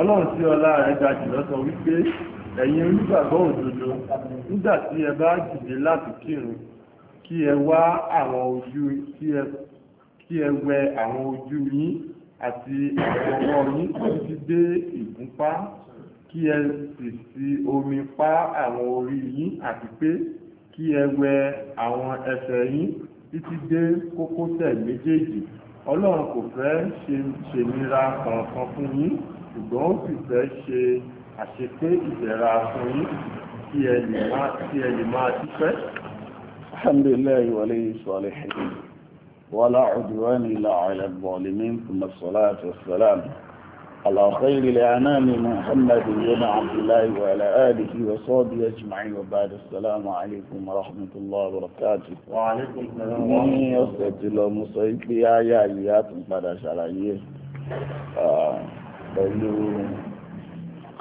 ọlọ́run sí ọlá rẹ̀ ga jùlọ sọ wípé ẹ̀yin onígbàgbọ́ òdodo nígbà tí ẹ bá dìde láti kírun kí ẹ wá àwọn ojú kí ẹ wẹ àwọn ojú yín àti àwọn ọwọ́ yín títí dé ìgúnpá kí ẹ sì fi omi pa àwọn orí yín àti pé kí ẹ wẹ àwọn ẹsẹ̀ yín títí dé kókósẹ̀ méjèèjì ọlọ́run kò fẹ́ ṣèmíra kọ̀ọ̀kan fún yín ṣùgbọ́n ó sì fẹ́ ṣe àṣepé ìbẹ̀rẹ̀ fún yín kí ẹ lè máa dúpẹ́. alhamdulilayi wàlẹ́ ìṣọ̀lẹ̀ ولا عدوان إلا على الظالمين ثم الصلاة والسلام على خير الأنام محمد بن عبد الله وعلى آله وصحبه أجمعين وبعد السلام عليكم ورحمة الله وبركاته وعليكم السلام ورحمة الله وبركاته pẹ̀lú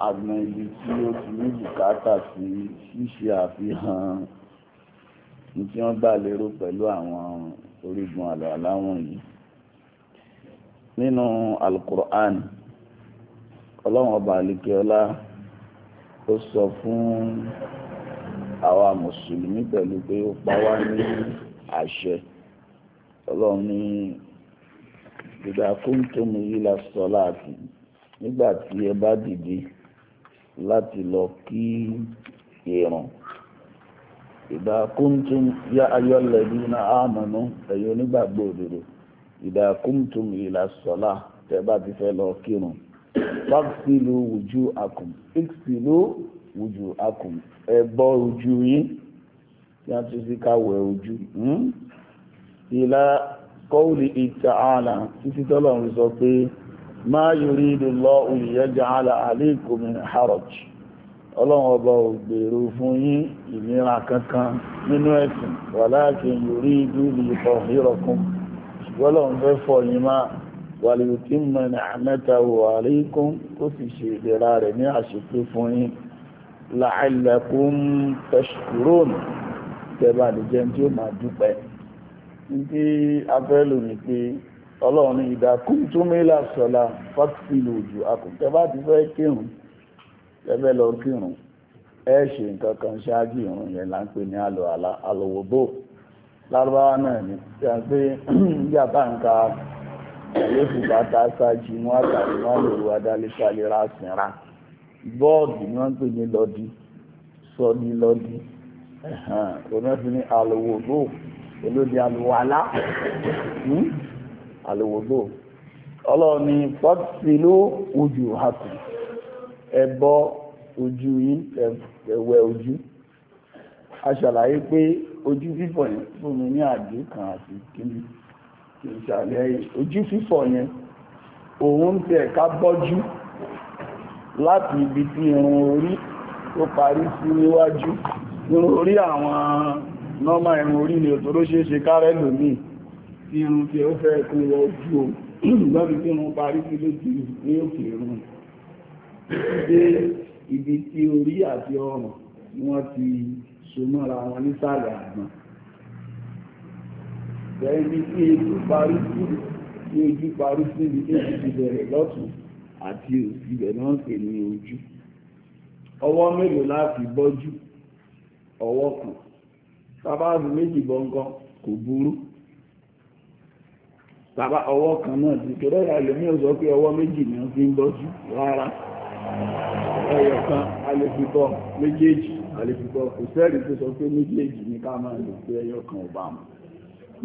agbọn ibi tí ó ti ní bùkátà sí ṣíṣe àfihàn ní tí wọ́n gbà lérò pẹ̀lú àwọn orígun àlàálá wọ̀nyí nínú alukur'an ọlọ́wọ́n ọba àlìkẹ́ọ́lá ó sọ fún àwa mùsùlùmí pẹ̀lú pé ó pa wá ní àṣẹ ọlọ́run ní ìdàkúntòmù yìí la sọ láàfin nígbà tí ẹ bá dìde láti lọ kí ìrun ìdá kúntùm yá ayọ́lẹ̀bí na àmànú ẹ̀yin onígbàgbọ́ òdodo ìdá kúntùm ìlà sọ́lá tẹ́ bá ti fẹ́ lọ kírun fáksìlú wùjú akùn fíksìlú wùjú akùn ẹ ojú yín tí a tún sí káwẹ̀ ojú ìlà kọ́wùlì ìtààlà títí tọ́lọ́run sọ pé ma yuridu Allahu liyaj'ala alaykum min haraj ọlọ́run ọba ò gbèrò fún yín ìnira kankan nínú ẹ̀sìn walakin yuridu liyutahhirakum ṣùgbọ́lọ́run fẹ́ fọ yín má waliyutimma ni'matahu alaykum kó sì ṣe ìlera rẹ̀ ní àṣepé fún yín la'allakum tashkurun tẹ́bà tí ó máa dúpẹ́ nítorí abẹ́lò ni pé ọlọ́run ìdàkùn tó mẹ́lá sọ́lá fásitìlù òjò akùntẹ́ bá ti fẹ́ kírun ẹgbẹ́ lọ kírun ẹ ṣe nǹkan kan ṣáájú ìrun yẹn là ń pè ní alọ́ àlọ́wọ́bò lárúbáwá náà ni pé yàtá nǹkan àlékù bàtà ṣáájú inú àtàrí wọn lè wá dálé sálẹ̀ rà sínra bọ́ọ̀dù ni wọ́n ń pè ní lọ́dí sọ́ọ́dí lọ́dí òun náà fi ní àlọ́wọ́bò olóde àlọ́wọ́lá. Hmm? àlòwògbò ọlọ́ọ̀ni fọ́tílú ojú hàtù ẹbọ ojú yìí ẹ̀wẹ̀ ojú a ṣàlàyé pé ojú fífọ̀ yẹn fún mi ní àdé kan àti kíní kì í ṣàlẹ́ ojú fífọ̀ yẹn òun ń tẹ̀ ká bọ́jú láti ibi tí irun orí tó parí sí níwájú irun orí àwọn nọ́mà irun orí ni òtòrò ṣeéṣe kárẹ́ tí irun tí ó fẹ́ kún wọ ojú o lọ́bí tí wọ́n parí sí lójú ní òkè irun dé ibi tí orí àti ọrùn wọ́n ti so mọ́ra wọn nísàlẹ̀ àgbọn bẹ́ẹ̀ni tí ojú parí sí tí ojú parí sí ibi tí ojú ti bẹ̀rẹ̀ lọ́tún àti òsì rẹ̀ náà pè ní ojú ọwọ́ mélòó láti bọ́jú ọwọ́ kan sábàbù méjì bọ́ngàn kò burú tàbá ọwọ́ kan náà ti tó rẹ́rà lómi ò sọ pé ọwọ́ méjì ni ó fi ń bọ́jú rárá ẹyọ kan alẹ́fipọ́ méjèèjì alẹ́fipọ́ kò sẹ́rì tó sọ pé méjèèjì ní ká máa lò pé ẹyọ kan ò bá mu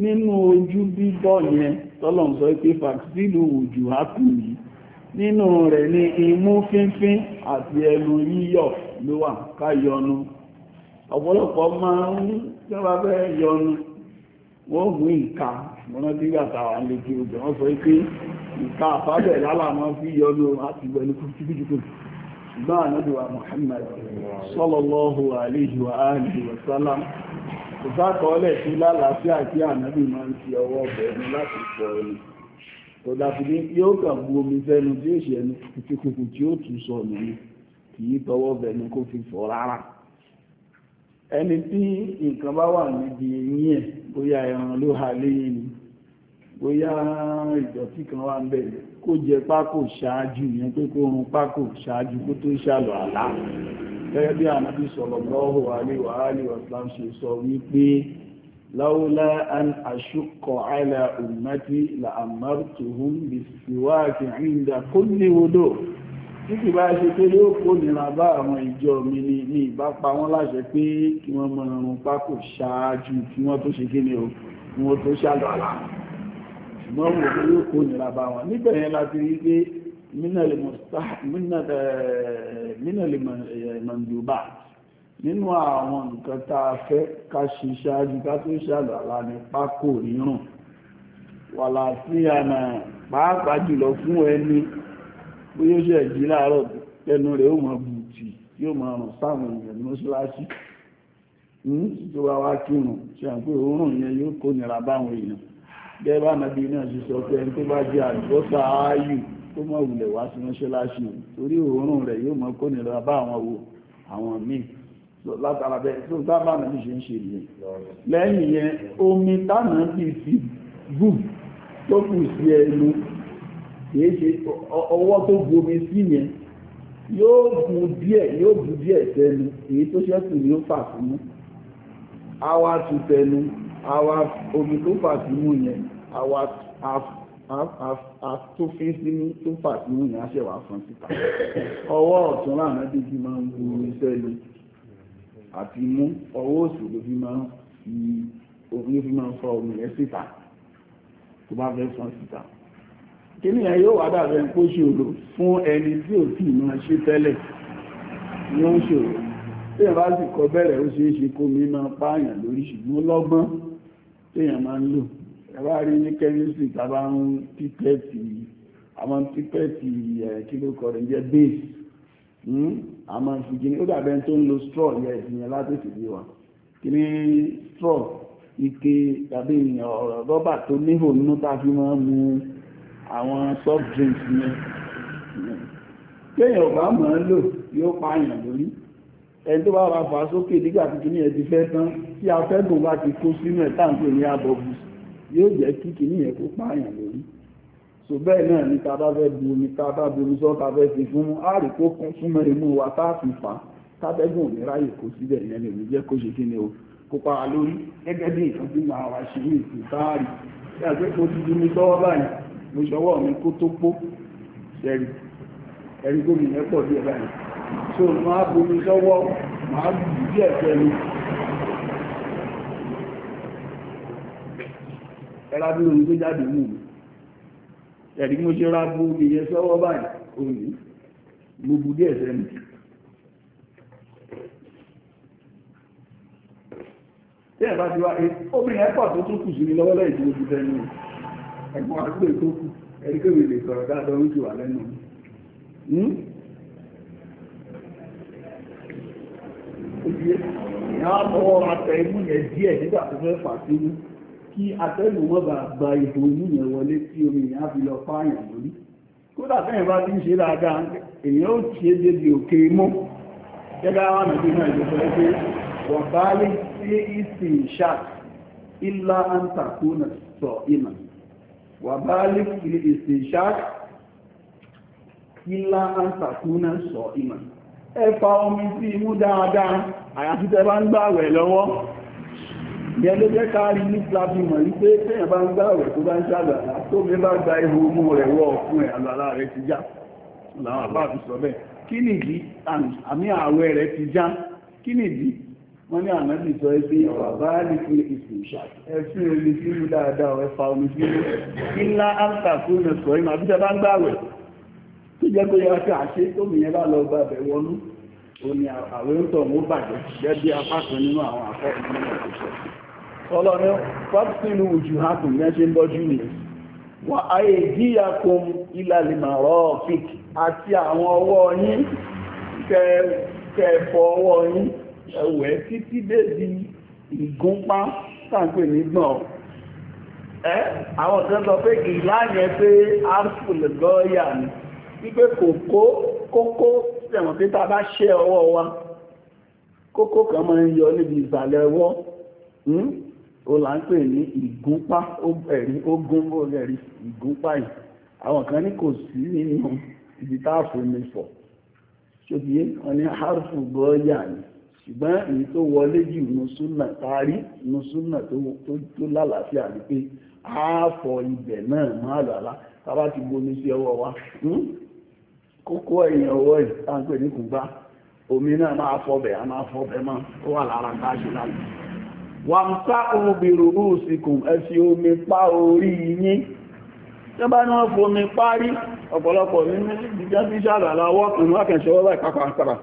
nínú ojú bíbọ́ yẹn tọ́lọ̀ ń sọ pé fàkísílù òjò á kù yìí nínú rẹ̀ ni imú fínfín àti ẹnu yíyọ̀ ló wà ká yọnu ọ̀pọ̀lọpọ̀ máa ń tí wọ́n bá fẹ́ yọnu wọ́n mú ìka mọ́nà tí gbàtà wà lè kí òjò wọ́n sọ pé ìka àfábẹ̀ lálàmọ́ fi yọnu láti Muhammad sí ànábì máa ń fi ọwọ́ bẹ̀rẹ̀ láti ẹni ní yóò kàn bu omi fẹ́nu tí ẹni kùtùkùtù tí ó tún sọ nìyí kì í tọwọ́ kó fi rárá ẹni tí nǹkan bá wà níbi bóyá ìdọ̀tí kan wà ń bẹ̀ kó jẹ pákò ṣáájú yẹn pé kó run pákò ṣáájú kó tó ṣàlọ̀ àlá gẹ́gẹ́ bí ànábì sallallahu alaihi wa alihi wasallam ṣe sọ wípé láúlá an àṣùkọ̀ àìlà ummati la amartuhum bí síwáàkì inda kulli wudu tí kì bá ṣe pé yóò kó nira bá àwọn ìjọ mi ni ní ìbá pa láṣẹ pé kí wọ́n mọ run pákò ṣáájú kí wọ́n tó ṣe kí ni o wọ́n tó ṣàlọ̀ àlá ṣùgbọ́n wò ó yóò kó nira bá wọn níbẹ̀ yẹn láti rí pé mínàlì mọ̀jùbà eh, eh, nínú àwọn nǹkan tá a fẹ́ ká ṣe ṣáájú ká tó ṣàlọ́ àlá ní pákó rírùn wà láti àmà pàápàá jùlọ fún ẹni bó yóò ṣe ẹ̀jí láàárọ̀ tẹnu rẹ̀ ó mọ̀ bùtì yóò mọ̀ rùn sáwọn èèyàn ní mọ́ṣáláṣí hmm? tó bá wá kírun ṣe àpé òórùn yẹn yóò kó nira báwọn èèyàn gẹ́gbà nàbí náà ṣe sọ pé ẹni tó bá jẹ́ àlùbọ́sà ááyù tó mọ̀ wùlẹ̀ wá sí mọ́ṣáláṣí torí òórùn rẹ̀ yóò mọ́ kó nìlọ bá àwọn wo àwọn míì látara bẹ́ẹ̀ tó dábàá nàbí ṣe ń ṣe yìí lẹ́yìn yẹn omi tánà bí fi bù tó kù sí ẹnu kìí ṣe ọwọ́ tó bu omi sí yẹn yóò bu díẹ̀ yóò bu díẹ̀ sẹ́nu èyí tó ṣẹ́kù ni ó fà fún àwa tù tẹnu àwa omi tó fà símú yẹn àwa tó fi sínú tó fà símú yẹn aṣẹ̀wà fún síta ọwọ́ ọ̀tún lànà dídí máa ń bu iṣẹ́ lè àti mú ọwọ́ òsì ló fi máa ń fi omi ló fi máa ń fọ omi rẹ̀ síta tó bá fẹ́ fún síta kíní ẹ̀ yóò wá dàbẹ̀ kó ṣòro fún ẹni tí ò tí máa ṣe tẹ́lẹ̀ ní ó ń ṣòro tí ẹ̀ sì kọ bẹ̀rẹ̀ ó ṣeé ṣe kó mi máa pààyàn lórí ṣùgbọ́n lọ́gbọ́n téèyàn máa ń lò ẹ̀bá rí ní kẹ́mísì tàbá ń pípẹ́ẹ̀tì àwọn pípẹ́ẹ̀tì kílókọ̀ rẹ̀ jẹ́ base àmọ́ hmm? ìfìgìní ó dàbẹ́ tó ń lo straw yẹ ìdìyàn látòkè bí wa kí ní straw ike tàbí ọ̀rọ̀ rọ́bà tó níhò nínú tá a fi máa ń mu àwọn soft drinks yẹn téèyàn ò bá mọ̀ ọ́n lò yóò pààyàn lórí ẹni tó bá wà fà sókè nígbà tuntun ní ẹ̀dí fẹ́ tán tí afẹ́gùn bá ti kó sínú ẹ̀ táǹkì ní abọ́bù yóò jẹ́ kí kìíní yẹn kó pààyàn lórí so bẹ́ẹ̀ náà ni ta bá fẹ́ bu omi ta bá bu omi sọ́ta fẹ́ fi fún ààrì kó kún súnmọ́ imú wa tá a fi fà tábẹ́gùn ní ráyè kó síbẹ̀ yẹn lè ní jẹ́ kó ṣe kí ni o kó pa á lórí gẹ́gẹ́ bí nǹkan tí wá ṣe ní ìfìtáàrì tí a pé kó ti dúró sọ́wọ́ báyìí mo ṣọwọ́ mi kó tó pó ṣẹ̀rí ẹ̀rí gómìnà pọ̀ díẹ̀ báyìí tó máa bomi lọ́wọ́ máa bí ẹ̀fẹ́ ni ẹ̀rá bí orin tó jáde mú mi ẹ̀rí mo ṣe ra bú omi yẹn sọ́wọ́ báyìí òní mo bù díẹ̀ sẹ́nu tí ẹ̀bá ti wá obìnrin ẹ̀pọ̀ tó tún kù sí ní lọ́wọ́lẹ́ ìdíwò tó kù ẹ̀rí òbíye ìyá àtọwọ́ atẹ imú yẹn díẹ̀ nígbà tó fẹ́ fà sínú kí atẹ́gùn wọn bá gba ìbò imú yẹn wọlé tí omi ìyá fi lọ pààyàn lórí kódà fẹ́yìn bá ti ń ṣe dáadáa èèyàn ó ti é débi òkè imú gẹ́gẹ́ àwọn àmì náà ìjọba pé wọ́n bá lè sí ìsìn ṣáà ìlà àǹtàkùnà sọ ìmọ̀ wà bá lè fi ìsìn ṣáà ìlà àǹtàkùnà sọ ìmọ̀ ẹfà omi sí imú dáadáa àyàfi tẹ́ bá ń gbààwẹ̀ lọ́wọ́ yẹn ló jẹ́ káàrí ní flavi mọ̀ wípé tẹ́yàn bá ń gbààwẹ̀ tó bá ń ṣàgbàlá tó mi bá gba ihò mú rẹ̀ wọ́ ọkùn ẹ̀ àgbàlá rẹ̀ ti já làwọn àbá fi sọ bẹ́ẹ̀ kí nìdí àmì ààwẹ̀ rẹ̀ ti já kí nìdí wọ́n ní ànábì sọ ẹgbẹ́ ìwà báyìí fún ìsìnṣà ẹ̀sùn omi sínú dáadáa ẹ̀fà omi sínú ńlá áńtà fún ẹ̀sọ́ ìmọ̀ àbíṣẹ́ bá ń gbààwẹ̀ tó jẹ́ pé yára ká àṣẹ tó mìíràn bá lọ gba bẹ̀ wọnú ó ní àwẹ̀ ń tọ̀ wọ́n bàjẹ́ jẹ́ bí apá kan nínú àwọn akọ́kùn ni wà ayé díyàkùn ìlàlìmọ̀rọ̀ fík àti àwọn ọwọ́ yín kẹfọ ọwọ́ yín ẹ̀wẹ̀ títí débi ìgúnpá tàǹpẹ̀ nígbọ̀n ẹ́ àwọn ọ̀dọ́ sọ pé ìlànà pé arsenal gọ́ọ̀yà ni wípé kòkó kókó sẹ̀wọ̀n pé tá bá ṣẹ́ ọwọ́ wa kókó kan máa ń yọ níbi ìsàlẹ̀ ọwọ́ o hmm? là ń pè ní ìgúnpá ẹ̀rí ogún ẹ̀rí ìgúnpá yìí àwọn kan ní kò sí nínú ibi táàfù mi fọ̀ ṣòbíyé wọn ní harfu bọ́ọ̀yà ni ṣùgbọ́n èyí tó wọlé jù nùsùnà tarí nùsùnà tó lálàáfíà ni pé àáfọ̀ ibẹ̀ náà máa lọ́la tá a bá ti gbomi sí ọwọ́ wa hmm? kókó ẹ̀yìn ọwọ́ ẹ̀ táǹpẹ̀ ní kùgbá omi náà máa fọ́bẹ̀ a máa fọ́bẹ̀ mọ́ ó wà lára káàṣì lálẹ́ wà ń sá ohun bèrò rúùsìkùn ẹ fi omi pa orí yín tí bá ní wọ́n fomi parí ọ̀pọ̀lọpọ̀ nínú ìjẹ́ tí ṣàlàlá wọ́kùnrin wákẹ̀ṣọ́wọ́ láì pápá àpàrà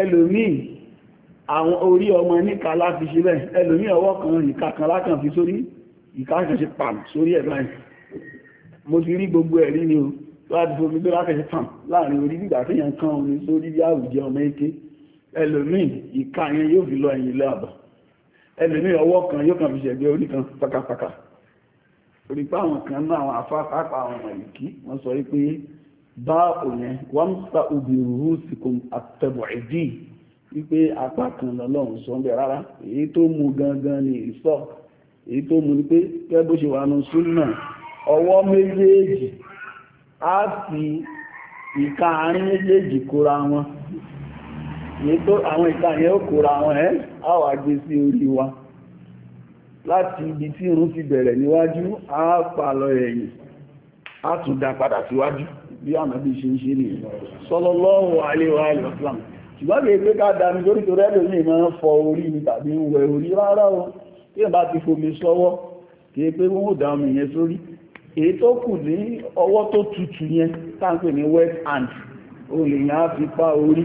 ẹlòmíì àwọn orí ọmọ níka láti ṣe bẹ́ẹ̀ ẹlòmíì ọwọ́ kan ìka kan lákàn fi sórí ìka kan ṣe pàm sórí ẹ̀ báyìí mo ti rí gbogbo ẹ̀rí ni o láti fún gbígbé láfẹ́ tàn láàrin orí nígbà tí yàn kan orin sórí bí àwùjẹ ọmọ ike ẹlòmíì ìka yẹn yóò fi lọ ẹ̀yìn ilé àbọ̀ ẹlòmíì ọwọ́ kan yóò kàn fi ṣẹ̀gbẹ́ orí kan pákápáká orí pé àwọn kan náà àwọn afáfáfá àwọn ọmọ ìkí wọ́n sọ pé bá òyìn wọ́n ń sa obì rúrú sí kò àtẹ̀bọ̀ ẹ̀dì wípé apá kan lọ́lọ́run sọ bẹ́ẹ̀ rárá èyí tó mu gangan ni ìsọ èyí tó mu ni pé kẹ́ bó ṣe wà nù súnà ọwọ́ méjèèjì á fi ìka àárín méjèèjì kóra wọn ètò àwọn ìka yẹn ó kóra wọn ẹ́ á wà gbé sí orí wa láti ibi tí irun ti bẹ̀rẹ̀ níwájú á pa lọ ẹ̀yìn á tún dá padà síwájú bí ànábì ṣe ń ṣe nìyẹn sallallahu alaihi wa sallam ṣùgbọ́n bí pé ká dámi lórí tó rẹ́lò ní ìmọ̀ fọ orí mi tàbí ń wẹ orí rárá o tí ìbá ti fomi sọ́wọ́ kí pé wọ́n ó dámi yẹn sórí èyí tó kù ní ọwọ́ tó tutù yẹn ní west hand olèyàn á fi pa orí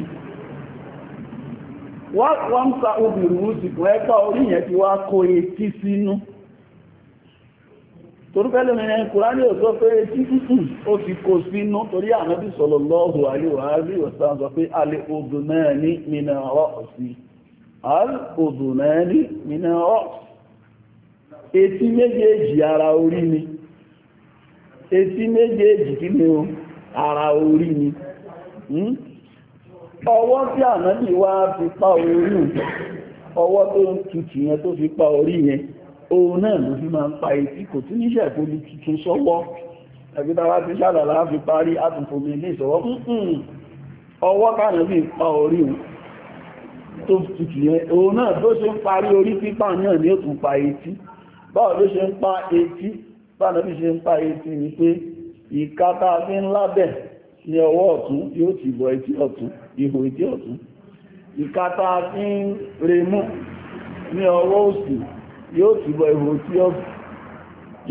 wọ́n sa obìnrin músìkò orí yẹn ti wá kó etí sínú torúkẹ́lẹ̀ pé etí ó ti kó sínú torí ànábì sallallahu alaihi wa etí méjèèjì kí ni o ara orí ni hmm? ọwọ́ tí ànábì wá fi pa orí ọwọ́ tó ń tutù yẹn tó fi pa orí yẹn òun náà ló fi máa ń pa etí kò tí níṣẹ́ tó lè tutù sọ́wọ́ ẹgbẹ́ta wá ti ṣàlàlá fi parí àtùnfòmí ilé ìṣọ́wọ́ ọwọ́ kànà bí pa orí tó tutù yẹn òun náà tó ṣe ń parí orí pípa náà ní ó tún pa etí báwo ló ṣe ń pa etí bánàbí ṣe ń páyé sí ni pé ìkátà fi ń lábẹ̀ ní ọwọ́ ọ̀tún yóò ti bọ̀ etí ọ̀tún ihò etí ọ̀tún ìkátà fi ń remú ní ọwọ́ òsì yóò ti bọ̀ ihò etí ọ̀tún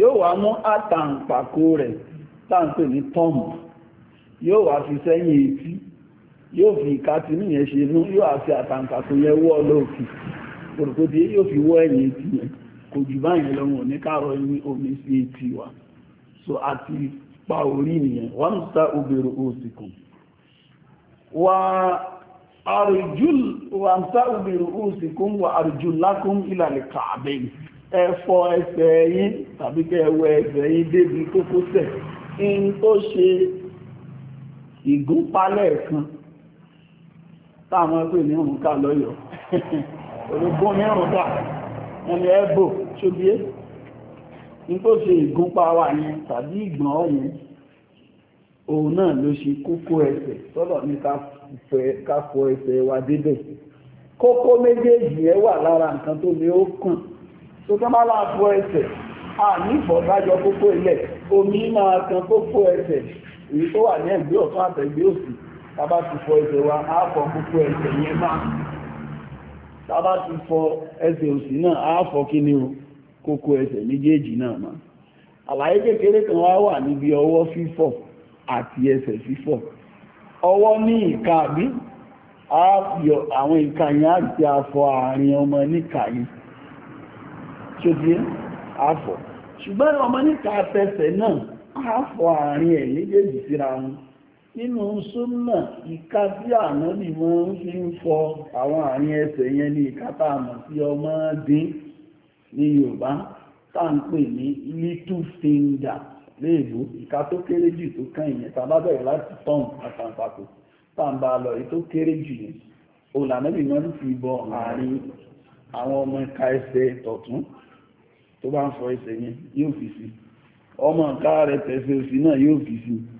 yóò wá mú àtàǹpàkò rẹ̀ táǹpè ní tọ́mù yóò wá fi sẹ́yìn etí yóò fi ìkátì níyẹn ṣe inú yóò àti àtàǹpàkò yẹn wọ́ lóòkì òrùkòtì yóò fi kò jù báyìí lọ́wọ́ ní káàrọ̀ ìwé omi sí etí wa so àti pa orí nìyẹn wọ́n ń sá obèrè òsìkùn wà àrùjúl wà ń sá obèrè òsìkùn wà àrùjúl lákún ìlàlẹ̀ kààbẹ̀ ẹ fọ ẹsẹ̀ yín tàbí kẹ́ ẹ wẹ ẹsẹ̀ yín débi kókósẹ̀ in tó ṣe ìgúnpalẹ̀ kan táwọn ẹgbẹ́ ní òun ká lọ́yọ̀ọ́ wọ́n ní ẹ́bò ṣóbíé ní tó ṣe ìgúnpá wa yẹn tàbí ìgbọ̀n ọ̀yẹn òun náà ló ṣe kókó ẹsẹ̀ sọ́dọ̀ ní ká fọ ẹsẹ̀ wa débẹ̀ kókó méjèèjì ẹ wà lára nǹkan tó ní ó kàn tó tán bá láà fọ ẹsẹ̀ a ní ìfọ̀dájọ kókó ilẹ̀ omi máa kan kókó ẹsẹ̀ èyí tó wà ní ẹ̀gbẹ́ ọ̀tún àtẹ̀gbẹ́ òsì tá bá ti fọ ẹsẹ̀ wa á fọ kókó ẹsẹ̀ yẹn máa tàbá ti fọ ẹsẹ̀ òsì náà á fọ kí ni o kókó ẹsẹ̀ méjèèjì náà ma àlàyé kékeré kan wá wà níbi ọwọ́ fífọ̀ àti ẹsẹ̀ fífọ̀ ọwọ́ ní ìka àbí àwọn ìka yẹn àti afọ àárín ọmọ níka yìí tí ó ti afọ ṣùgbọ́n ọmọ níka afẹsẹ̀ náà afọ àárín ẹ̀ méjèèjì síra wọn nínú súnmọ̀ ìka bí àná ni wọ́n fi ń fọ àwọn àárín ẹsẹ̀ yẹn ní ìkátà àmọ̀ sí ọmọ dín ní Yorùbá tá ń pè ní little finger léèbó ìka tó kéré jù tó kàn ìyẹn tá a bá bẹ̀rẹ̀ láti tọ́n àtàǹpàkò tá a lọ èyí tó kéré jù yẹn olànàbì máa ń fi bọ àárín àwọn ọmọ ìka ẹsẹ̀ tọ̀tún tó bá ń fọ ẹsẹ̀ yẹn yóò fi sí ọmọ ìka rẹ̀ tẹ̀sẹ̀ òsì náà yóò fi sí i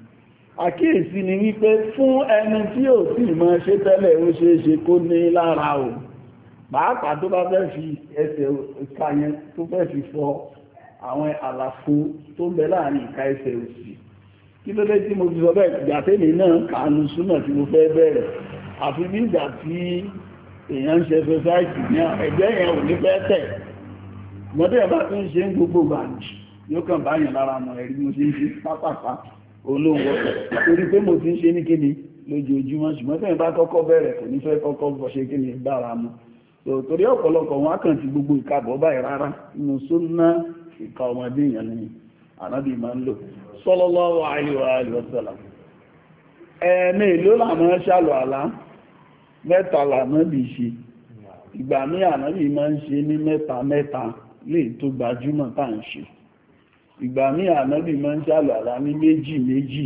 àkíyèsí ni wípé fún ẹni tí ò tí mọ́ ṣe tẹ́lẹ̀ ó ṣe é ṣe kó ní lára o pàápàá tó bá fẹ́ fi ẹsẹ̀ ìka yẹn tó fẹ́ fi fọ àwọn àlàfo tó ń bẹ láàrin ìka ẹsẹ̀ òsì kí ló dé tí mo fi sọ bẹ́ẹ̀ ìgbà tèmi náà kàánú súnmọ̀ tí mo fẹ́ bẹ̀rẹ̀ àfi bí ìgbà tí èèyàn ń ṣe sọsáìtì ní ẹgbẹ́ yẹn ò ní fẹ́ tẹ̀ mọ́tẹ́ bá tún ṣe ń gbogbo gbàǹjì yóò kàn báyìí lára mọ̀ ẹ̀rí mo ṣe ń ṣe pápápá olówó torí pé mo ti ń ṣe ní kíni lójoojúmọ́ ṣùgbọ́n tẹ́yìn bá kọ́kọ́ bẹ̀rẹ̀ kò ní fẹ́ kọ́kọ́ ṣe kíni bára mu torí ọ̀pọ̀lọpọ̀ wọn kàn ti gbogbo ìkàbọ̀ báyìí rárá inú súnná ìka ọmọdé èèyàn ni ànábì máa ń lò sallallahu alaihi wa sallam ẹ̀ẹ̀mẹ́ ìlú làmọ́ ṣàlọ̀ àlá mẹ́ta làmọ́ bí ṣe ìgbà ní ànábì máa ń ṣe ní mẹ́ta mẹ́ta lè tó gbajúmọ̀ tá à ń ìgbà míì ànábì máa ń ṣàlùwàlá ní méjì méjì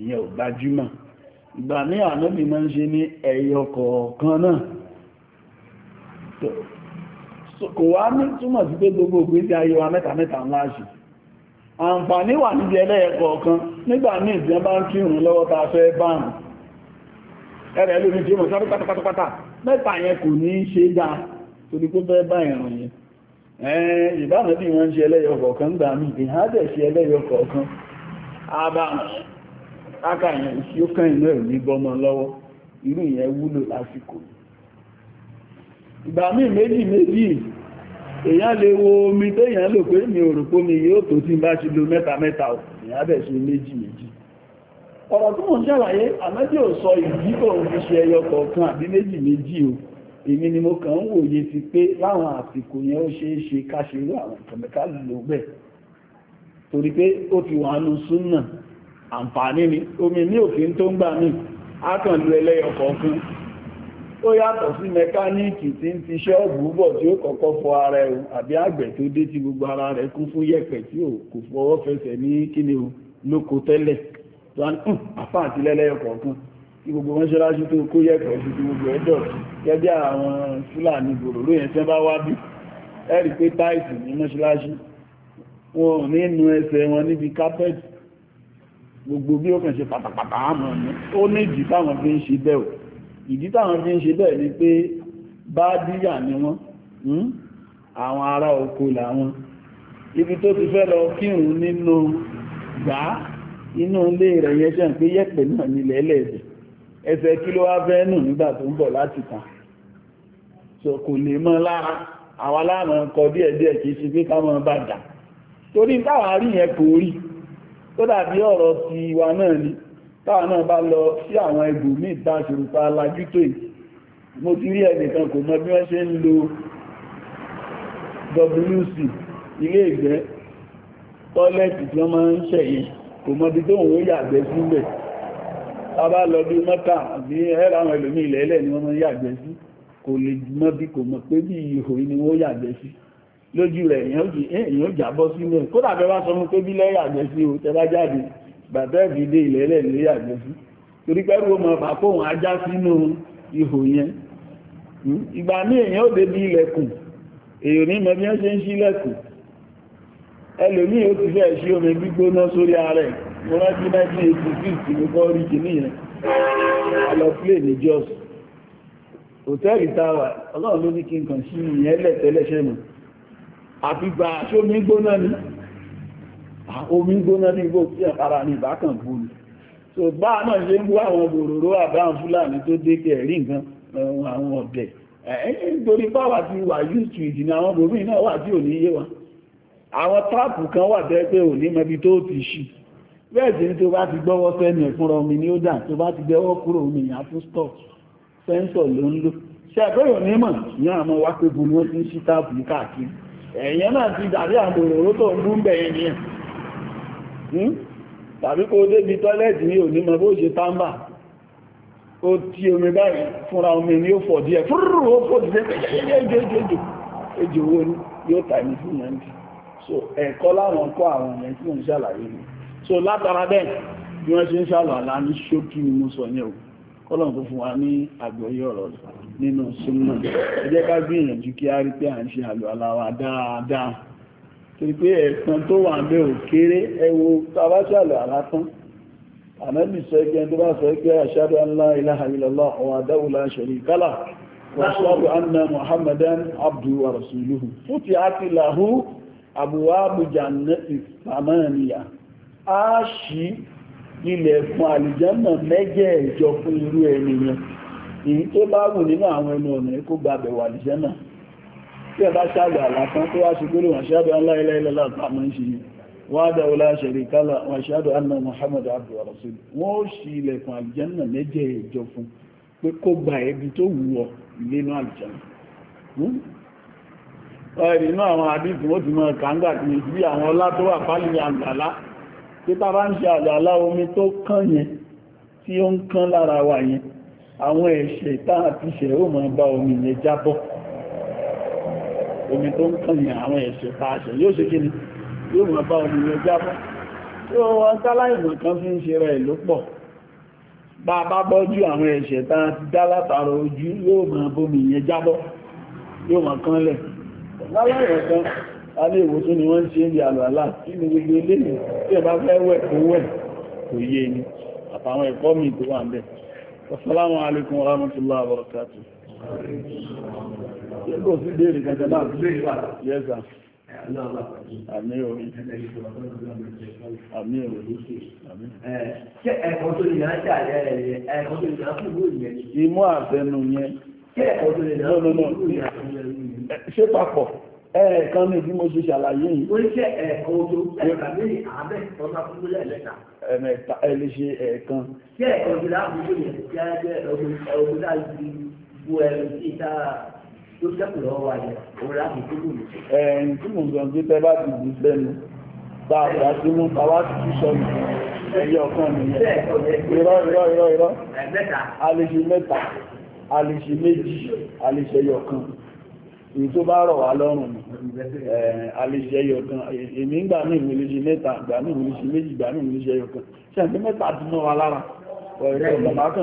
ìyẹn ò gbajúmọ̀ ìgbà míì ànábì máa ń ṣe ní ẹyọ kọ̀ọ̀kan náà kò wá ní túmọ̀ sí pé gbogbo ìgbésí ayé wa mẹ́ta mẹ́ta ńlá ṣe àǹfààní wà níbi ẹlẹ́ẹ̀kọ̀ kan nígbà ní ìdí bá ń kírun lọ́wọ́ ta fẹ́ báàmù ẹ̀rẹ̀ lórí tí ó mọ̀ sáré pátápátá mẹ́ta yẹn kò ní í ṣe dáa torí pé fẹ́ bá ìrùn yẹn ìbánàbí wọ́n ṣe ẹlẹ́yọ kọ̀ọ̀kan gbà mí ìhádẹ̀ ṣe ẹlẹ́yọ kọ̀ọ̀kan ákàyàn tí ó kàn inú ẹ̀rù bọ́mọ lọ́wọ́ irú ìyẹn wúlò lásìkò ìgbà méjì omi téèyàn lò pé mi ò omi yóò tó tí bá ṣe lo mẹ́ta mẹ́ta ò èyàn méjì méjì ọ̀rọ̀ ń àmẹ́jì o èmi ni mo kàn ń wòye sí pé láwọn àsìkò yẹn ó ṣeé ṣe káṣerú àwọn ìtọ̀mẹ́ká lò bẹ́ẹ̀ torí pé ó ti wà nù súnà àǹfààní ni omi ní òfin tó ń gbà mí a kàn lu ẹlẹ́yọ kọ̀ọ̀kan ó yàtọ̀ sí mẹkáníìkì tí ń ti ṣọ́ọ̀bù bọ̀ tí ó kọ́kọ́ fọ ara ẹ̀ àbí àgbẹ̀ tó dé tí gbogbo ara rẹ̀ kún fún yẹ̀pẹ̀ tí ò kò fọwọ́ fẹsẹ̀ ní kíni o lóko tẹ́lẹ̀ tó ń hmm, àfáà àti lẹ́lẹ́yọ kí gbogbo wọn ṣọ́lájú tó kó yẹ̀pẹ̀ sí ti gbogbo ẹ̀dọ̀ gẹ́bí àwọn fúlàní gbòrò lóyìn tí wọ́n bá wá bí ẹ̀rì pé táìsì ní mọ́ṣọ́lájú wọn ò ní nu ẹsẹ̀ wọn níbi kápẹ́ẹ̀tì gbogbo bí ó kàn ṣe pàtàpàtà àmọ́ ní ó ní ìdí táwọn fi ń ṣe bẹ́ẹ̀ o ìdí táwọn fi ń ṣe bẹ́ẹ̀ ni pé bá díyà ni wọ́n hmm? àwọn ará oko làwọn ibi tó ti fẹ́ lọ kírun nínú gbá inú ilé rẹ̀ yẹn ṣe ń pé yẹ̀pẹ̀ náà nílẹ̀ ẹlẹ́ẹ̀dẹ̀ ẹsẹ̀ kí ló wá fẹ́ nù nígbà tó ń bọ̀ láti tàn so kò lè mọ́ lára àwa láàmọ́ kọ díẹ̀díẹ̀ kìí ṣe pé ká mọ́ bá dà torí táwa rí yẹn kò rí tó dàbí ọ̀rọ̀ ti wa náà ni táwa náà bá lọ sí àwọn ibòmíì tá a ṣòro pa lajú tó yìí mo ti rí ẹnìkan kò mọ bí wọ́n ṣe ń lo WC ilé ìgbẹ́ tọ́lẹ̀tì tí wọ́n máa ń ṣẹ̀yìn kò mọ bí tó òun yàgbẹ́ sílẹ̀ tàbá lọ bí mọ́ta bí ẹ́rà àwọn ẹlòmí ilẹ̀ ẹlẹ́ ni wọ́n mọ́ yàgbẹ́ sí kò lè mọ́ bí kò mọ̀ pé bí ihò ni wọ́n yàgbẹ́ sí lójú rẹ̀ èyàn ó jàbọ́ sí ilẹ̀ kó dàbẹ́ bá sọ fún pé bí lẹ́yàgbẹ́ sí o tẹ́bá jáde bàbá ìdílé ilẹ̀ ẹlẹ́ ni yàgbẹ́ sí torí pẹ́rù ó mọ̀ bà kóhun ajá sínú ihò yẹn hmm? ìgbà ní èyàn ó débi ilẹ̀kùn èyàn ní mọ̀ bí wọ́n ṣe ń ṣílẹ̀kùn ẹlòmí ó ti fẹ́ ṣí omi gbígbóná sórí ara ẹ̀ mo rántí 1986 ní kọ́ rí kìíní yẹn a lọ plé ní Jos hòtẹ́ẹ̀lì táwà ọlọ́run ló ní kí n kàn sí ìyẹn lẹ́tẹ̀lẹ́ṣẹ́ mọ̀ àfìgbà sómi gbóná ni omi gbóná ní igbó tí àkàrà ní ìbákan bú ni so bá náà ṣe ń wú àwọn bòròró àbáhùn Fúlàní tó dé kẹrí nǹkan àwọn ọ̀bẹ̀ nítorí báwà ti wà used to ìdìnà àwọn bòmí náà wà tí ò ní yé wa àwọn táàpù kan wà bẹ́ẹ̀ pé ò ní mẹbi tó ti ṣì bẹ́ẹ̀ sí tó bá ti gbọ́wọ́ sẹ́nu ẹ̀fúnra omi ní ó dà tó bá ti gbẹ́wọ́ kúrò omi ìyá tó stọ̀ sẹ́ńsọ̀ ló ń lò ṣe àmọ́ wá pé bu ni wọ́n ti ń ṣí káàkiri ẹ̀yẹn náà ti dàbí tó ń bú ń hmm? tàbí kó débi ní bó ṣe ó omi báyìí fúnra omi ni ó fọ̀ díẹ̀ fúrúrú ó fò ejò owó yóò tà ní fún so ẹ̀kọ́ láwọn kọ́ àwọn ẹ̀yẹn tí ń so látara bẹ́ẹ̀ bí wọ́n ṣe ń ṣàlọ̀ àlá ní ṣókí ni mo sọ yẹn o kọ́lọ̀n tó fún wa ní àgbọ́yé ọ̀rọ̀ nínú súnmọ̀ ẹ jẹ́ ká gbìyànjú kí á rí pé à ń ṣe àlọ́ àlá wa dáadáa torí pé ẹ̀sán tó wà bẹ́ ò kéré ẹ wo tàbá ṣàlọ̀ àlá tán ànábì sọ ẹgbẹ́ tó bá sọ ẹgbẹ́ ashhadu an la ilaha illallah wahdahu la sharika lah anna muhammadan abduhu wa rasuluhu futihat lahu abwabu jannati thamaniya a ṣí ilẹ̀ fún àlìjẹ́nà mẹ́jẹ̀ẹ̀jọ fún irú ẹni yẹn èyí tó bá wù nínú àwọn ẹnu ọ̀nà kó gba bẹ̀wọ̀ àlìjẹ́nà tí ẹ bá ṣàgbà àlàkan tó wá ṣe gbólò wọn ṣáàdọ̀ aláìláìlá àpamọ́ ń ṣe yìí wọ́n á dáwọ́ láṣẹ̀rí kálá wọn ṣáàdọ̀ anna Muhammad abdu rasul wọ́n ó ṣí ilẹ̀kùn àlìjẹ́nà pé tá bá ń ṣe àlàlá omi tó kán yẹn tí ó ń kán lára wa yẹn àwọn ẹ̀ṣẹ̀ táà ti ṣẹ̀ ó máa bá omi yẹn jábọ́ omi tó ń kán yẹn àwọn ẹ̀ṣẹ̀ táà ṣẹ̀ yóò ṣe kíni yóò máa bá omi yẹn jábọ́ tí ó wọn táláìmọ̀ kan fi ń ṣe rẹ̀ ló pọ̀ bá bá bọ́jú àwọn ẹ̀ṣẹ̀ táà ti dá látara ojú yóò máa bómi yẹn jábọ́ yóò máa kán lẹ̀ alé ìwòsàn ni wọ́n ṣe ń rí àlọ́lá kí ni gbogbo eléyìí tí ẹ bá fẹ́ wẹ̀ kó wẹ̀ kò yé ni àtàwọn ẹ̀kọ́ mi tó wà ń bẹ̀ Assalamu alaikum warahmatullahi wabarakatuh ẹ̀kọ́ tó lè náà ṣàlẹ́ ẹ̀kọ́ tó ẹ̀kọ́ tó lè náà fún ìwò ìyẹn papọ̀ ẹ̀ẹ̀kan ní bí mo ṣe ṣàlàyé yìí ó ṣe ẹ̀ẹ̀kan ojú ẹ̀ẹ̀kan ní àádẹ́ ọ̀nà fún ilẹ̀ ẹ̀lẹ́ta ẹ̀ẹ̀mẹ́ta ẹ̀lẹ́ ṣe ẹ̀ẹ̀kan ṣe ẹ̀ẹ̀kan ojú láàbùkù yẹn kí á jẹ́ ọgbọ́n láti bu ẹ̀rù sí ìta tó ṣẹ́kù lọ́wọ́ wa yẹn òun láti tó kù ẹ̀ẹ̀n tí mo gbọ́n pé tẹ́ bá ti bù sẹ́nu bá a bá ti mú bá wá ti sọ ẹyẹ ọ̀kan nìyẹn irọ́ irọ́ irọ́ irọ́ èyí tó bá rọ̀ wá lọ́rùn alẹ́ṣẹ́ yọkan èmi ń gbà ní ìwòlẹ́ṣe mẹ́ta gbà ní ìwòlẹ́ṣe méjì gbà ní yọkan mẹ́ta ti mọ́ wa lára ọ̀rẹ́ kan ah, ṣe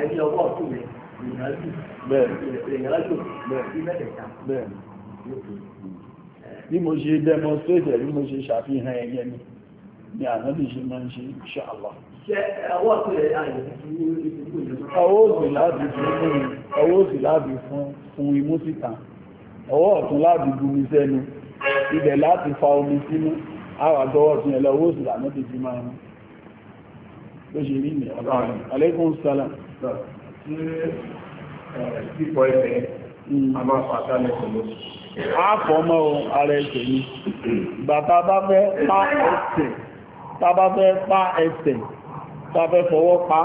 ẹgbẹ́ ọwọ́ ọ̀tún rẹ̀ bẹ́ẹ̀ bí mo ṣe demonstrate bí mo ṣe ṣàfihàn ẹ̀yẹ ni ni ànábì ṣe máa ń ṣe ṣàlá ọwọ́ òsì láàbì fún imú síta ọwọ́ ọ̀tún láàbì gúnmi sẹ́nu ibẹ̀ láti fa omi sínú àwàgọ́wọ́ tún ẹlẹ́ owó òsì lànà ti ti máa rán ló ṣe rí ní ọ̀rọ̀ alẹ́kùn sálà ní pípọ̀ ẹsẹ̀ a máa fàtà lẹ́sẹ̀ lọ. Àpọ̀ mọ́ ohun ara ẹsẹ̀ ni. Bàtà bá fẹ́ pa ẹsẹ̀, tàbá fẹ́ pa ẹsẹ̀, tàbẹ́ fọwọ́ pa,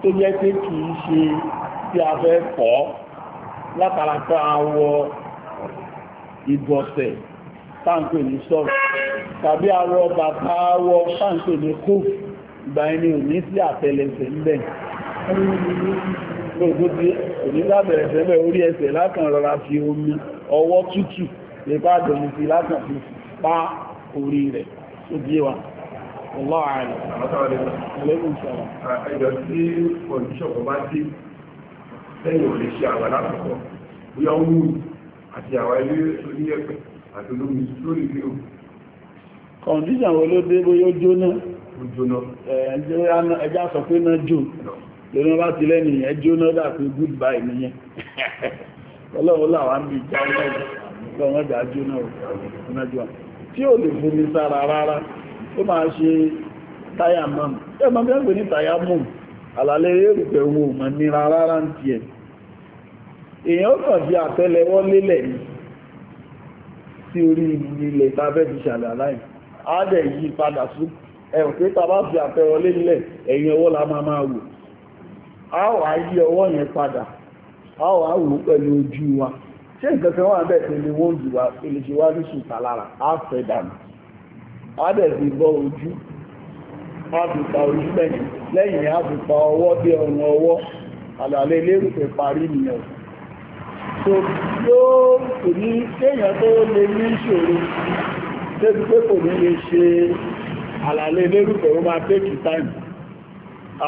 tó jẹ́ pé kìí ṣe tí a fẹ́ fọ́ látara pé àwọ ìbọ̀sẹ̀ táǹkì ní sọ́ọ̀rọ̀ tàbí àwọ bàtà àwọ táǹkì ní kófù ìgbà ẹni ò sí àtẹlẹsẹ̀ ń bẹ̀rẹ̀ gbogbo òní lábẹ̀rẹ̀ tẹ́lẹ̀ orí ẹsẹ̀ lákàn rọra fi omi ọwọ́ tútù lè bá dọ̀mù sí lákàn fi pa orí rẹ̀ tó bí wa ọlọ́ààrẹ̀ ẹlẹ́gùn sọ̀rọ̀ ẹjọ́ tí kọ̀díṣọ̀pọ̀ bá dé lẹ́yìn ò lè ṣe àwà látọ̀kọ̀ bóyá ó mú àti àwà ilé orí ẹ̀pẹ̀ àti olómi lórí fi ó kọ̀díṣàn wo ló dé bóyá ó jóná ẹjá sọ pé náà jò torí wọ́n bá ti lẹ́nu ìyẹn jóná dàpé goodbye nìyẹn ọlọ́run làwọn bí ìjà ọlọ́run wọ́n jà jóná ọ̀rọ̀ tí ò lè fún mi sára rárá ó máa ṣe tayamam ẹ máa bẹ́ẹ̀ pé ní tayamam àlàlẹ́ èrùpẹ̀ ohun òmọ̀ nira rárá ń tiẹ̀ èèyàn ó kàn fi àtẹ́lẹwọ́ lélẹ̀ ní sí orí ilẹ̀ tàbẹ́ ti ṣàlẹ̀ aláì á dẹ̀ yí padà sí ẹ̀rùn pé tàbá fi àtẹ́wọ́ lélẹ̀ ẹ̀yìn ọwọ́ la máa máa wò a wà yí ọwọ́ yẹn padà a wà wò pẹ̀lú ojú wa ṣé nǹkan kan wà bẹ́ẹ̀ tó ṣe fẹ́ dànù á dẹ̀ fi bọ́ ojú á fi pa ojú lẹ́yìn lẹ́yìn á fi pa ọwọ́ bí ọwọ́ àlàlé parí nìyẹn yóò kò ní kéèyàn tó lè ní ìṣòro débi pé kò ní lè ṣe àlàlé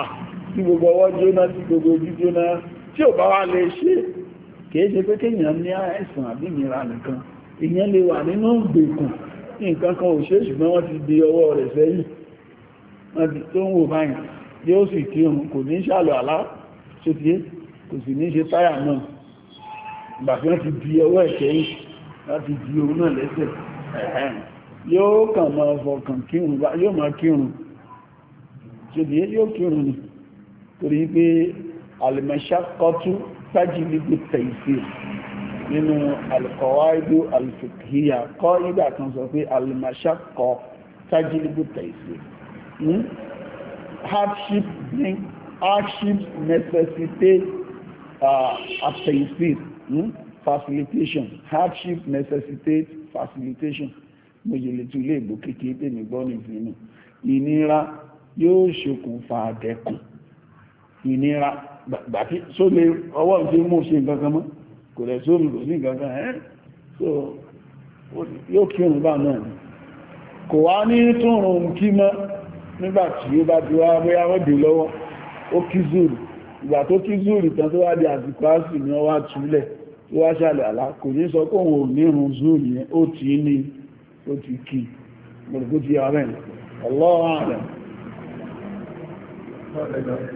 ó tí gbogbo ọwọ́ jóná tí gbogbo ojú jóná tí ò bá wá lè ṣe kìí ṣe pé kéèyàn ní àìsàn àbí ìnira nìkan ìyẹn lè wà nínú ìgbèkùn nǹkan kan ò ṣe ṣùgbọ́n wọ́n ti di ọwọ́ rẹ̀ sẹ́yìn wọ́n ti tó ń wò báyìí yóò sì kí òun kò ní ṣàlọ̀ kàn máa fọkàn kírun yóò máa kírun ṣòtíé yóò kírun ni torí pé alìmọ̀ṣàkọ́tú tájìlìgbò tẹ̀sí nínú alìkọ̀wáìdó alìfòkìyà kọ́ ìgbà kan sọ pé alìmọ̀ṣàkọ́ tájìlìgbò tẹ̀sí hardship bring hardship necessitate uh, tẹ̀sí hmm? facilitation hardship necessitate facilitation mo yìí lè tún ilé ìgbò kékeré tèmi gbọ́ nìfínú ìnira yóò ṣokùnfà àdẹ́kùn ìnira gbàtí sólè ọwọ́ tí mú ṣe nǹkan kan mọ́ kò lẹ̀ sómi kò sí nǹkan kan ẹ́ so yóò kí òun bá náà ni kò wá ní túnrùn kí mọ́ nígbàtí ó bá ti wá bóyá wọ́n dè lọ́wọ́ ó kí zúrù ìgbà tó kí zúrù tán tó wá di àsìkò àsì ni wọ́n wá túlẹ̀ tó wá ṣàlẹ̀ àlá kò ní sọ pé òun ò ní irun zúrù yẹn ó ti ní ó ti kí gbogbo ti yàrá ẹ̀ ọlọ́run àrẹ̀ Thank you.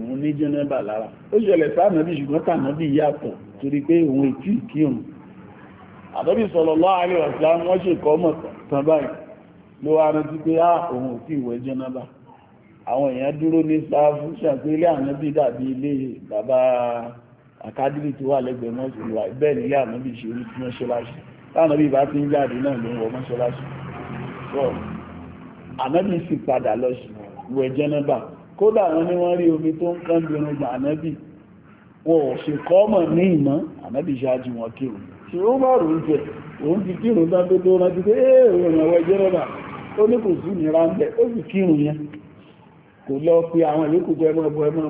ní jẹ́nẹ́bà lára ó ṣẹlẹ̀ sáàmọ́bí ṣùgbọ́n tàmọ́bí yàtọ̀ torí pé òun ètí ìkírun àdọ́bí sallallahu alaihi wasallam wọ́n ṣe kọ́ mọ̀ tán báyìí ló wá rántí pé á ah, òun ò tí ìwẹ̀ jẹ́nẹ́bà àwọn èèyàn dúró ní sáfù ṣàpé ilé ànábì dàbí ilé bàbá àkádìrì tó wà lẹ́gbẹ̀ẹ́ mọ́sùlùmí bẹ́ẹ̀ nílé ànábì ṣe orí tí wọ́n ṣe láṣẹ sì padà lọ wẹ̀ jẹ́nẹ́bà kódà wọn ni wọ́n rí omi tó ń kán bí irun ànábì wọn ò ṣe ní ìmọ̀ ànábì ṣáájú wọn kírun tí ó bá rò ń jẹ ti kírun tó tó pé ee òun ìrànwọ́ ẹjẹ́ ó ní kò sí ó sì kírun yẹn kò àwọn ẹmọ ẹmọ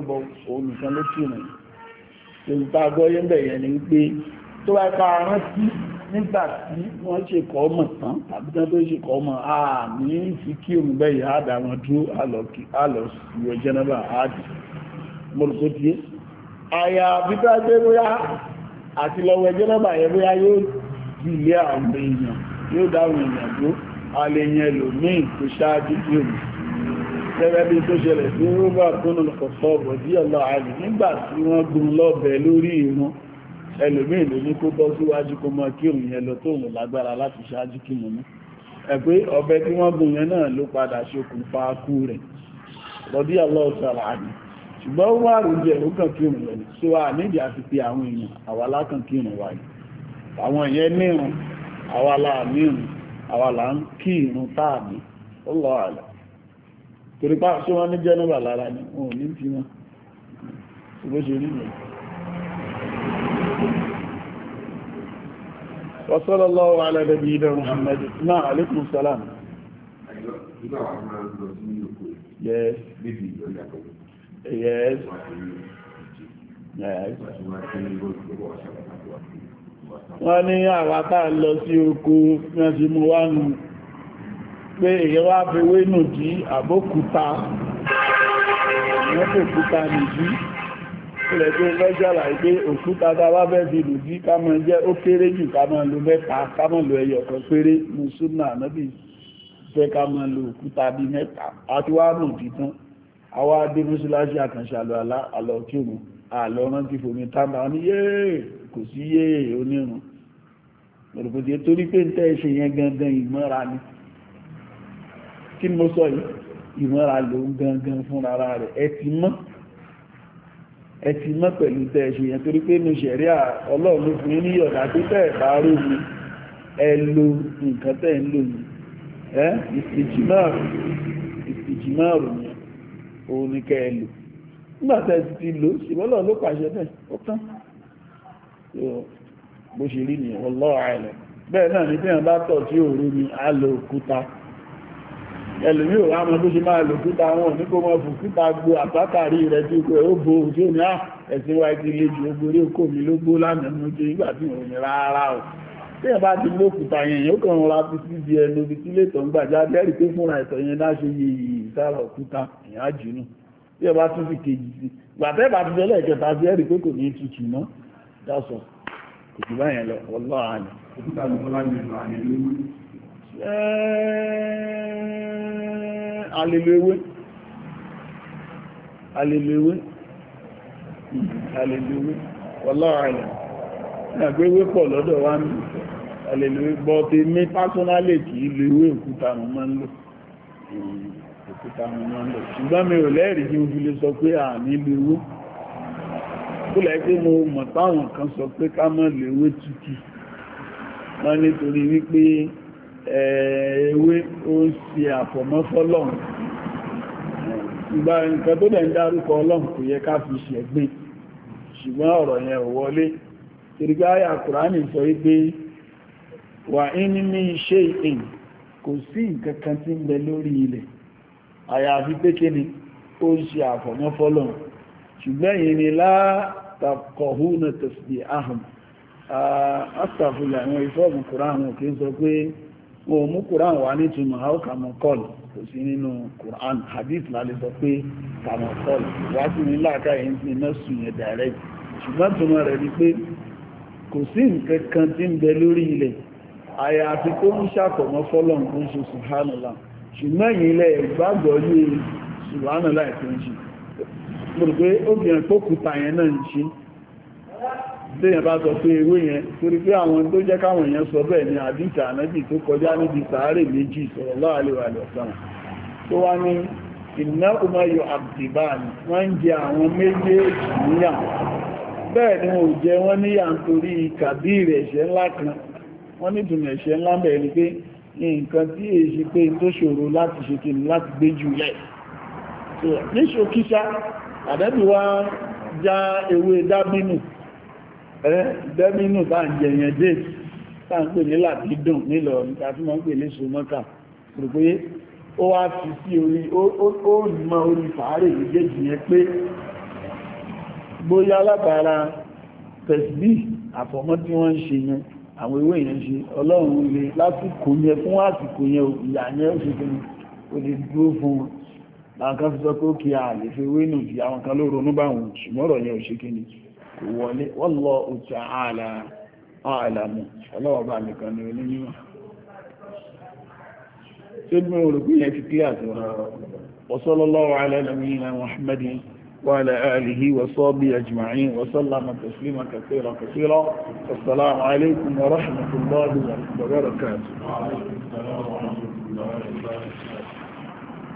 òun nìkan ló kírun gbọ́ yẹn bẹ̀ yẹn ni pé tó bá pa nígbà tí wọ́n ṣe kọ́ ọmọ tán tàbí tán tó ṣe kọ́ ọmọ àmì fi kí òun bẹ́yìí àdá wọn dúró àlọ́ ìwọ̀ jẹ́nẹ́bà àádì mọ́lùkótíyé àyà bíbá gbé bóyá àti lọ́wọ́ jẹ́nẹ́bà yẹ bóyá yóò dìlé àwọn èèyàn yóò dáwọn èèyàn dúró àlèyàn ẹlòmíì tó ṣáájú kí òun gẹ́gẹ́ bí tó ṣẹlẹ̀ sí rúbà tó nà lọ́kọ̀ọ́ ẹlòmíì ló ní kó bọ́ síwájú kó yẹn lọ tóun lágbára láti ṣáájú kírun mú ẹ pé ọ̀bẹ tí wọ́n gùn yẹn náà ló padà ṣokùnfà kú rẹ̀ lọ́dí ọlọ́ọ̀sára àmì ṣùgbọ́n jẹ́ òkàn nídìí àti àwọn èèyàn àwọn ìyẹn mírun mírun ní ní fi wọn ṣùgbọ́n ṣe وصلى الله على نبينا محمد نعم عليكم السلام yes yes yes wọ́n ní àwátá lọ sí oko wọ́n ti mú wá nù pé èyí wá fi wé nù jí àbókúta wọ́n kò kúta nìjí ilẹ̀ tó fẹ́ ṣàlàyé pé òkúta tá a bá fẹ́ fi lù dí ká máa jẹ́ ó kéré jù ká máa lo mẹ́ta ká máa lo ẹyọ kan péré ní súnà ànábì fẹ́ ká máa lo òkúta bíi mẹ́ta àti wá nù títán àwa dé mọ́ṣáláṣí àkànṣe àlọ́ àlá àlọ́ tí òun àlọ́ rántí fòmí tábà ní yéè kò sí yéè onírun òrùkùtì torí pé ń tẹ́ ṣe yẹn gangan ìmọ́ra ni kí ni mo sọ yìí ìmọ́ra lòun gangan fúnra rẹ̀ ẹ ti mọ́ ẹtì mọ́ pẹ̀lú tẹ́ ṣe yẹn torí pé ní ṣẹ̀ríà fún ní ọ̀dà tó tẹ́ ẹ̀bá rò ní ẹ lo nǹkan tẹ́ ń lò ní ẹ́ ìsìjìmáàrù ní òun ní kẹ́ ẹ lò nígbà tẹ́ ti ti lò ló pàṣẹ bẹ́ẹ̀ ó tán bó ṣe ẹlùmí ò rámọ tó ṣe máa lò kíta wọn ní kó mọ́ fún kíta gbó àtàkàrí rẹ̀ tí kò ó bó ojú ní ẹ̀sìn wa ti lè jù ogorí okó mi ló gbó lánàá ní ojú ìgbà tí ò ní rárá o tí ẹ bá ti lókùta yẹn yóò kàn ra fi sí di ẹnu ibi tí létọ̀ ń gbàjá bẹ́ẹ̀rì pé fúnra ẹ̀tọ̀ yẹn dá ṣe yẹ yìí sára òkúta ìyá jùnú tí ẹ bá tún fi kejì sí gbàtẹ́ bá ti fẹ́lẹ̀ kẹta bẹ́ẹ̀rì pé kò ní tutù mọ́ dásọ kò jù báyẹn lọ ọlọ́ alèlèwé alèlèwé alèlèwé wọláàrẹ̀ ìgbéwé pọ̀ lọ́dọ̀ wá ní alèlèwé bọ́tí mi pásọ́nálè kì í lèwé òkúta mọ́ máa ń lò òkúta mọ́ máa ń lò ṣùgbọ́n mi ò lẹ́rìí kí n fi lè sọ pé à ní lèwé kúlẹ̀ pé mo mọ̀ táwọn kan sọ pé ká má lèwé tútù wọ́n nítorí wípé ewé ó ṣe àfọ̀mọ́ fọ́lọ́run ìgbà nǹkan tó dẹ̀ ń dárúkọ ọlọ́run kò yẹ ká fi ṣẹ̀gbìn ṣùgbọ́n ọ̀rọ̀ yẹn ò wọlé ìrìgbà ayà kùránì sọ wípé wà ní ní iṣẹ́ ìhìn kò sí nǹkan kan tí ń bẹ lórí ilẹ̀ àyàfi pé kí ni ó ṣe àfọ̀mọ́ fọ́lọ́run ṣùgbọ́n yìí ni látàkọ̀húnà tẹ̀sìdì ahùn wọn ò mú quran wá nítumọ̀ how come call kò sí nínú quran hadith lálẹ́ sọ pé come call wá sí ní láàkáyé ń sin náà sùn yẹn direct ṣùgbọ́n túnmọ̀ rẹ̀ ni pé kò sí nǹkan kan tí ń bẹ lórí ilẹ̀ àyà àti tó ń ṣàkọ̀mọ́ fọ́lọ́n tó ń ṣe téèyàn bá sọ pé ewé yẹn torí pé àwọn tó jẹ́ káwọn èèyàn sọ bẹ́ẹ̀ ni àdíjà ànábì tó kọjá níbi sàárè méjì sallallahu alaihi wasallam tó wá ní iná umayo abdibani wọ́n ń jẹ àwọn méjèèjì ni wọ́n jẹ wọ́n níyà nítorí kàbírì ẹ̀ṣẹ̀ ńlá kan wọ́n ní ìdùnnà ni pé nǹkan tí èyí ṣe pé tó ṣòro láti ṣe kìnnì láti gbé jù lẹ̀ àdẹ́bí wá já ewé dábínù ẹ́ dẹ́mínù bá ń jẹyàn dé tá ń pè ní làbídùn nílọ níta tí wọ́n ń pè ní sọmọ́kà rò pé ó wá fi sí orí ó mọ orí fàárè méjèèjì yẹn pé bóyá látara tẹ̀síbí àfọ̀mọ́ tí wọ́n ń ṣe yẹn àwọn ewé yẹn ṣe ọlọ́run lè lásìkò yẹn fún àsìkò yẹn ìyà yẹn ó ṣe fún o lè dúró fún wọn láǹkan fi sọ pé ó kí a lè fi wé nù sí àwọn kan ló ronú báwọn ṣùgbọ́n ọ̀rọ̀ yẹn ò ṣe kí ni wọlé wọ́lọ́ òjò ààlà ààlàmù ọlọ́ọ̀bá nìkan ni onímọ̀ tí ó mú orùkú yẹn ti kílá tó wọ́sọ́lọ́lọ́wọ́ alẹ́lẹ́mìnà Muhammad وعلى آله وصحبه أجمعين وسلم تسليما كثيرا